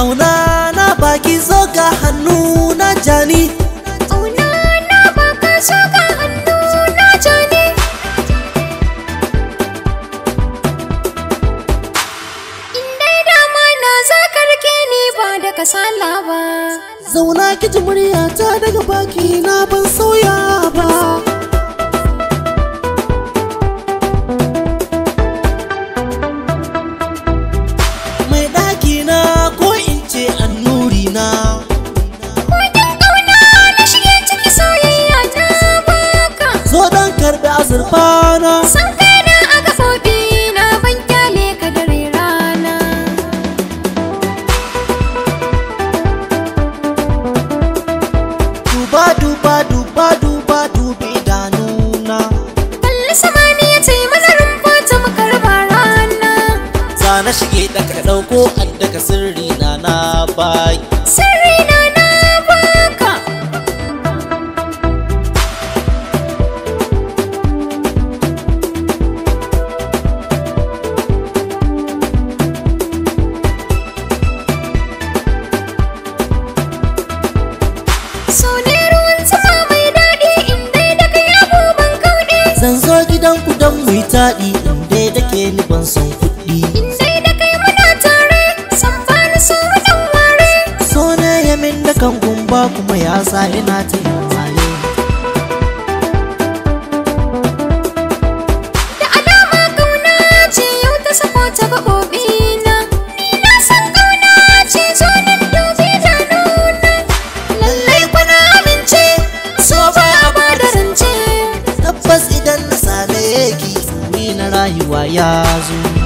auna na baki zo ga hannu na jani auna na baka zo ga hannu na jani indai dama na za ka ni ba da kasala ba zauna kiji murya ta daga baki na ban so zo dan karbi azurfana sun na aka sauki na ban kyale ka dare rana duba duba duba duba dubi idanuna balli samani ya ce mana rumfa ta makarba rana zana shige da ka dauko an daga sirri na na baki gidan ku dan mu yi taɗi dai da ke ni ban san kuɗi. In dai da kai muna tare san bani so ware. So ne yamin da kan gumba kuma ya sa ina ta rayuwa ya zo